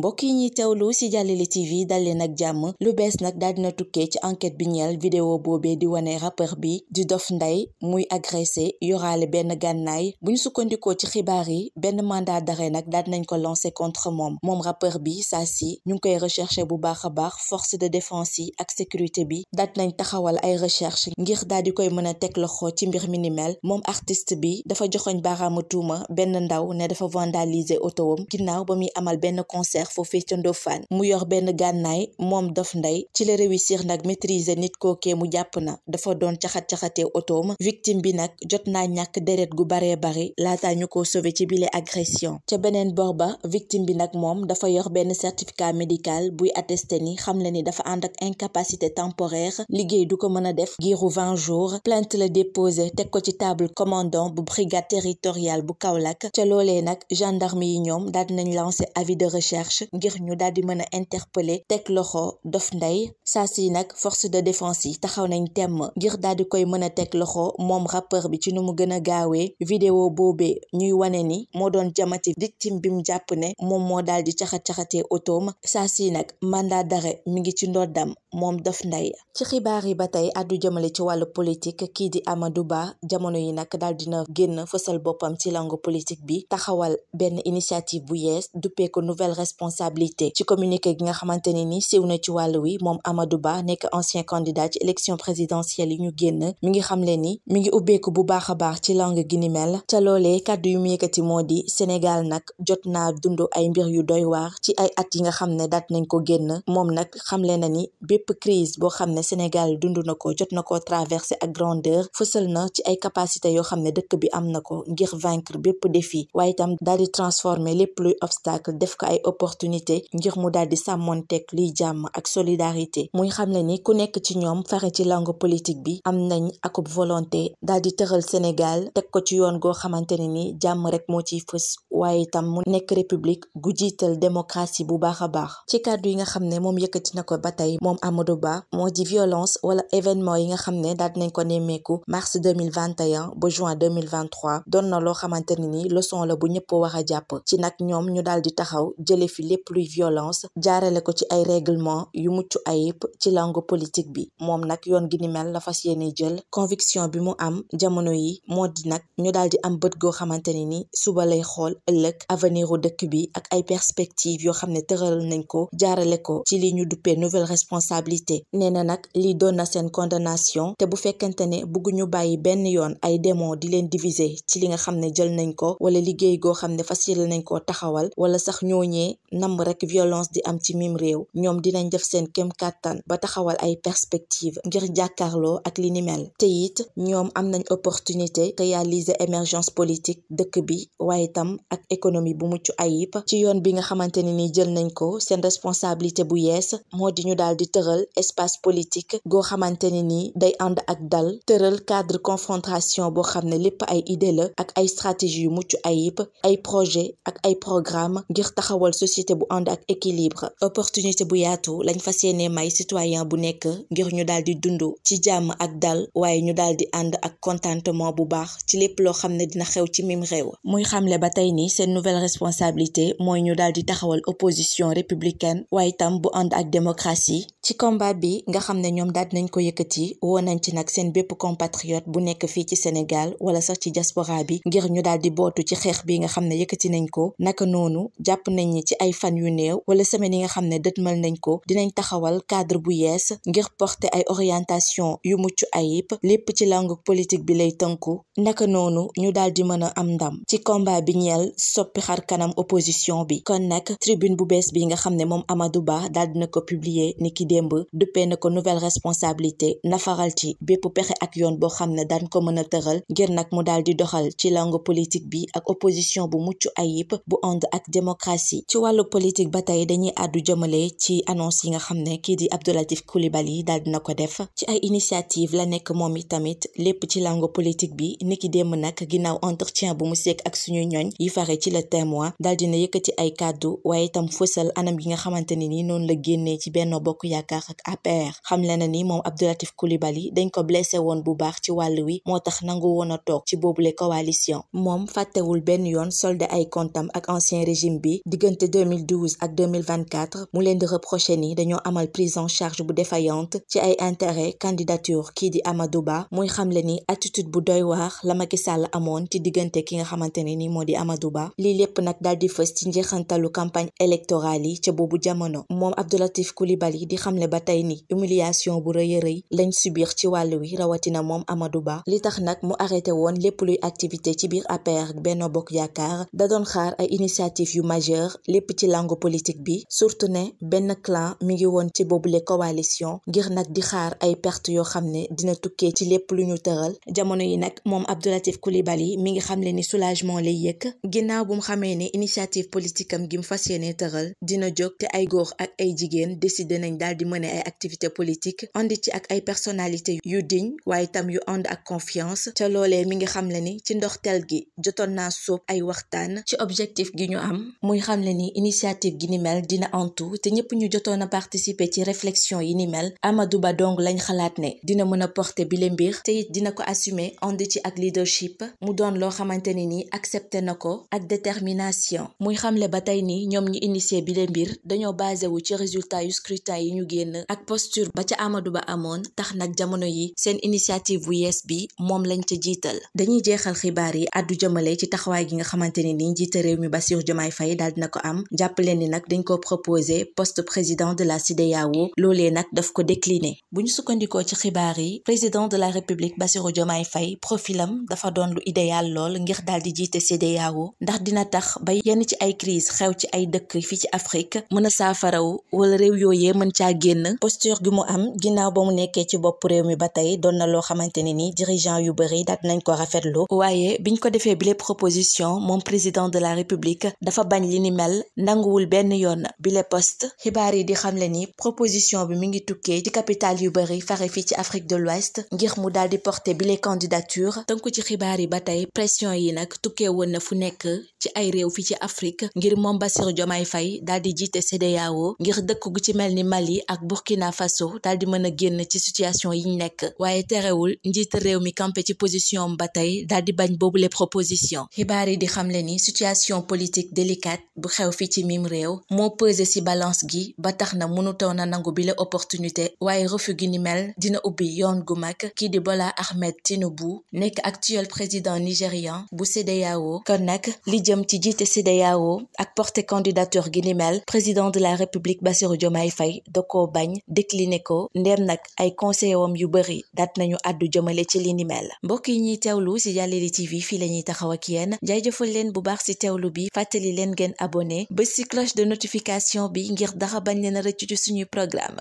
mbokk yi ñuy teewlu si Jàllale TV dalee nag jàmm lu bees nag daal na tukkee ci enquête bi ñeel vidéo boobee di wane rappeur bi di Dof Nday muy agressé yoraale benn gànnaay bu sukkandikoo ci xibaar yi benn mandat d'arrêt nag daal nañ ko lancé contre moom moom rappeur bi saa si ñu ngi koy recherché bu baax a baax force de défense yi ak sécurité bi daal nañ taxawal ay recherche ngir daal di koy mën a teg loxo ci mbir mi ni moom artiste bi dafa joxoñ baaraamu tuuma benn ndaw ne dafa vandaliser otowam ginnaaw ba muy amal benn concert foofee ca Ndofane mu yor benn gànnaay moom Dof Ndeye ci la réussir nag maîtriser nit kookee mu jàpp na dafa doon caxat-caxatee otoom victim bi nag jot naa ñàkk deret gu bare bari laataa ñu ko sauvé ci bile agression ca beneen bor ba victime bi nag moom dafa yor benn certificat médical buy attesté ni xam le ni dafa ànd ak incapacité temporaire liggéey du ko mën a def giiru 20 jours plainte la déposé teg ko ci table commandant bu brigade territoriale bu Kaolack ca loolee nag gendarme yi ñoom daal dinañ lancé avis de recherche ngir ñu daal di mën a interpeller teg loxo Dof nday saa si nag force de défense yi taxaw nañ temm ngir daal di koy mën a teg loxo moom rappeur bi ci nu mu gën a gaawee vidéo boobee ñuy wane ni moo doon jamati victime bi mu jàpp ne moom moo daal di caxat-caxatee otoom saa si nag mandat d'arrêt mi ngi ci ndoddam moom Dof Ndeye ci xibaar yi ba tey addu jëmale ci wàllu politique kii di Amadou Ba jamono yi nag daal na génn fasal boppam ci langu politique bi taxawal benn initiative bu yees duppee responsabilité ci communiqué gi nga xamante ne ni siiw na ci wàll wi moom Amadou Ba nekk ancien candidat ci élection présidentielle yi ñu génn mu ngi xamle ni mu ngi ubbeeku bu baax a baax ci langue gi ni mel ca loole kàddu yu mu yëkkati moo di Sénégal nag jot naa dund ay mbir yu doy waar ci ay at yi nga xam ne daat nañ ko génn moom nag xamle na ni bépp crise boo xam ne Sénégal dund na ko jot na ko traversé ak grandeur fësal na ci ay capacité yoo xam ne dëkk bi am na ko ngir vaincre bépp défi waaye itam daal transformer lépp luy opportunité ngir mu daal di sàmmonteeg liy jàmm ak solidarité muy xam ne ni ku nekk ci ñoom fare ci langue politique bi am nañ akub volonté daal di tëral Sénégal teg ko ci yoon goo xamante ne ni jàmm rek moo ciy fës waaye itam mu nekk république gu jiital démocratie bu baax a baax ci kàddu yi nga xam ne moom yëkkati na ko ba tey moom Amadou Ba moo di violence wala événement yi nga xam ne daal nañ ko nemmeeku mars 2021 ba juin 2023 doon na loo xamante ne ni leçon la bu ñëpp wax a jàpp ci nag ñoom ñu daal di taxaw jële fi lépp luy violence jaarale ko ci ay règlement yu mucc ay ci langue politique bi moom nag yoon gi ni mel la fas yéene jël conviction bi mu am jamono yi moo di nag ñu daal di am bët goo xamante ne ni suba lay xool ëllëg avenir u dëkk bi ak ay perspective yoo xam ne tëral nañ ko jaarale ko ci li ñu duppee nouvelle responsabilité neena nag lii doon na seen condamnation te bu fekkente ne bëgguñu bàyyi benn yoon ay démon di leen diviser ci li nga xam ne jël nañ ko wala liggéey goo xam ne fas yéene nañ koo taxawal wala sax ñooñee namb rek violence di am ci mim réew ñoom dinañ jëf seen kem kàttan ba taxawal ay perspectives ngir jàkkaarloo ak li nimel mel ñoom am nañ opportunité réaliser émergence politique dëkk ak économie bu mucc ayib ci yoon bi nga xamante ne ni jël nañ ko seen responsabilité bu yees moo di ñu daal di tëral espace politique goo xamante ne ni day ànd ak dal tëral cadre confrontation boo xam ne lépp ay idée la ak ay stratégie yu mucc ayib ay projet ak ay programme ngir taxawal société bu ànd ak équilibre opportunité bu yaatu lañ fa yéene may citoyen bu nekk ngir ñu daal di dund ci jàmm ak dal waaye ñu daal di ànd ak contentement bu baax ci lépp loo xam ne dina xew ci mim seen nouvelle responsabilité mooy ñu daal di taxawal opposition républicaine waaye itam bu ànd ak démocratie ci combat bi nga xam ne ñoom daal nañ ko yëkkati woo nañ ci nag seen bépp compatriote bu nekk fii ci Sénégal wala sax ci diaspora bi ngir ñu daal di bootu ci xeex bi nga xam ne yëkkati nañ ko naka noonu jàpp nañ ni ci ay fan yu néew wala semaine yi nga xam ne dëtmal nañ ko dinañ taxawal cadre bu yees ngir porter ay orientation yu mucc ayib lépp ci langue politique bi lay tënku soppi xar kanam opposition bi kon nag tribune bu bees bi nga xam ne moom Amadou Ba daal dina ko publier ni ki démb duppee na ko nouvelle responsabilité nafaral ci bépp pexe ak yoon boo xam ne daan ko mën a tëral ngir nag mu daal di doxal ci langue politique bi ak opposition bu mucc ayib bu ànd ak démocratie ci wàllu politique ba tey dañuy àddu jëmale ci annonce yi nga xam ne kii di Abdou Latif Coulibaly daal dina ko def ci ay initiative la nekk moom itamit lépp ci langue politique bi ni ki démb nag ginnaaw entretien bu mu seek ak suñu ñooñ yi fa Fare ci la témoin daal dina yëkkati ay kàddu waaye itam fësal anam yi nga xamante ne noonu la génnee ci Benno Bokk Yaakaar ak APR xam na ni moom Abdoulatif Coulibaly dañ ko blessé woon bu baax ci wàll wi moo tax nangu woon a toog ci boobule coalition moom fàttewul benn yoon solde ay kontam ak ancien régime bi diggante ak mu leen di reproché ni dañoo amal prise en charge bu défaillante ci ay intérêt candidature kii di Amadou Ba muy xamle ni attitude bu doy Amadou Ba lii lépp nag daal di fës ci njeexantalu campagne électorale yi ca boobu jamono moom Abdoulatif yi di xamle ba tey ni humiliation bu rëy a rëy lañ subir ci wàll wi rawatina moom amadu Ba li tax nag mu arrêté woon lépp luy activité ci biir APR benn Bokk Yaakaar da doon xaar ay initiative yu majeure lépp ci langue politique bi surtout ne benn clan mi ngi woon ci boobu boobule coalition ngir nag di xaar ay perte yoo xam ne dina tukkee ci lépp lu ñu tëral jamono yi nag moom Abdoulatif Coulibaly mi ngi xamle ni soulagement lay ginnaaw bu mu xamee ni initiative politique am gi mu fas yéene tëral dina jóg te ay góor ak ay jigéen décidé nañ daal di mëne ay activité politique ànd ci ak ay personnalité yu diñ waaye tam yu ànd ak confiance ca loolee mi ngi xamle ni ci ndox ndoxteel gi jotoon naa sóob ay waxtaan ci objectif gi ñu am muy xamle ni initiative gi ni mel dina antu te ñëpp ñu jotoon a participer ci réflexion yi ni mel Amadou Ba dong lañ xalaat ne dina mën a porter bi mbir te it dina ko assumer ànd ci ak leadership mu doon loo xamante ne ni accepté na ko ak détermination muy xamle ba tey ni ñoom ñu initié de mbir dañoo basé wu ci résultat yu scrutin yi ñu génn ak posture ba ca Amadou Ba amoon tax nag jamono yi seen initiative bu yees bi moom lañ ca jiital dañuy jeexal xibaar yi addu jëmale ci taxawaay gi nga xamante ne ni njiite réew mi Bassirou Diomaye Faye daal dina ko am jàppaleen ni nag dañ ko proposé poste président de la CEDEAO loolee nag daf ko décliner bu ñu sukkandikoo ci xibaar yi président de la république Bassirou Diomaye Faye profilam dafa doon idéal lool ngir daal di jiite CEDEAO ndax dina tax ba yenn ci ay crise xew ci ay dëkk fii ci Afrique mën saafara saafaraw wala réew yooyee mën caa génn posture gi mu am ginnaaw ba mu nekkee ci bopp réew mi ba tey doon na loo xamante ne ni dirigeant yu bëri daat nañ ko rafetlu waaye bi ñu ko defee bile proposition moom président de la république dafa bañ li ni mel nanguwul benn yoon bile poste xibaar yi di xam xamle ni proposition bi mu ngi tukkee ci capital yu bëri fare fii ci Afrique de l'Ouest ngir mu daal di porter bile candidature tënku ci xibaar yi ba tey pression yi nag tukkee woon na fu nekk ci ay réew fi ci Afrique ngir moom Bassirou Diomaye Faye daal di jiite CEDEAO ngir dëkk gu ci mel ni Mali ak Burkina Faso daal di mën a génn ci situation yiñ nekk waaye terewul njiit réew mi campé ci position ba tey daal di bañ boobu les propositions xibaar yi di xamle ni situation politique délicate bu xew fi ci mim réew moo pesé ci balance gi ba tax na mënutoon na nangu bi la opportunité waaye refus gi ni mel dina ubbi yoon gu mag kii di Bola Ahmed Tinubu nekk actuel président nigérian bu CEDEAO kon li jëm ci jiite CEDEAO ak porté candidature gi ni mel président de la république Bassirou Diomaye fay da koo bañ décliné ko ndeem nag ay conseillers yu bëri daat nañu àddu jëmale ci li ni mel mbokk yi ñuy teewlu si Jàllale TV fii la ñuy taxaw ak yéen jaajëfal leen bu baax si teewlu bi fàttali leen ngeen abonné ba si cloche de notification bi ngir dara bañ leen a rëcc ci suñuy programme